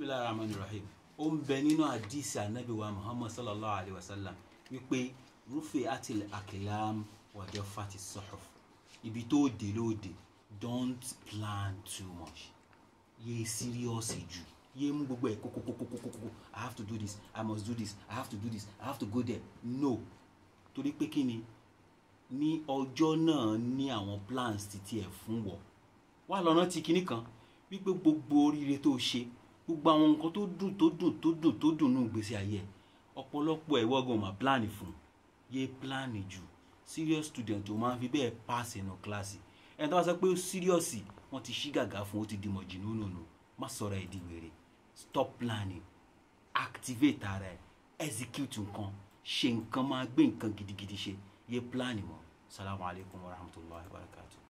bisimilahi rahman rahim ó ń bẹ nínú àdìsí anabiwa muhammad sallallahu alaihi wa sallam wípé rufi atil akilam wàjọ fati sọ̀họ̀f ibi tó dé lóde don't plan too much Ye serious jù yé mú gbogbo ẹ̀ kókókókókókó i have to do this i must do this i have to do this i have to go there no torí pé kí ni ní ọjọ́ náà ní àwọn plans títí ẹ̀ fún wọ wà lọ́nà tí kinní wípé gbogbo oríire tó ṣe gbogbo àwọn nǹkan tó dùn tó dùn tó dùn tó dùn nù gbèsè ayé ọ̀pọ̀lọpọ̀ ẹ̀ wọ́gàn máa plan fún yé plan jù serious student ò máa fi bẹ́ẹ̀ pass ẹ̀nà kíláàsì ẹni tó bá sọ pé ó serious wọ́n ti ṣí gàgà fún ó ti dìmọ̀ jù nínú nù má sọ̀rọ̀ ẹ̀ di wèrè stop planning activate ara ẹ̀ execute nǹkan ṣe nǹkan máa gbé nǹkan gidigidi ṣe yé plan mọ́ salamu alaykum wa rahmatulahi wa barakatuh.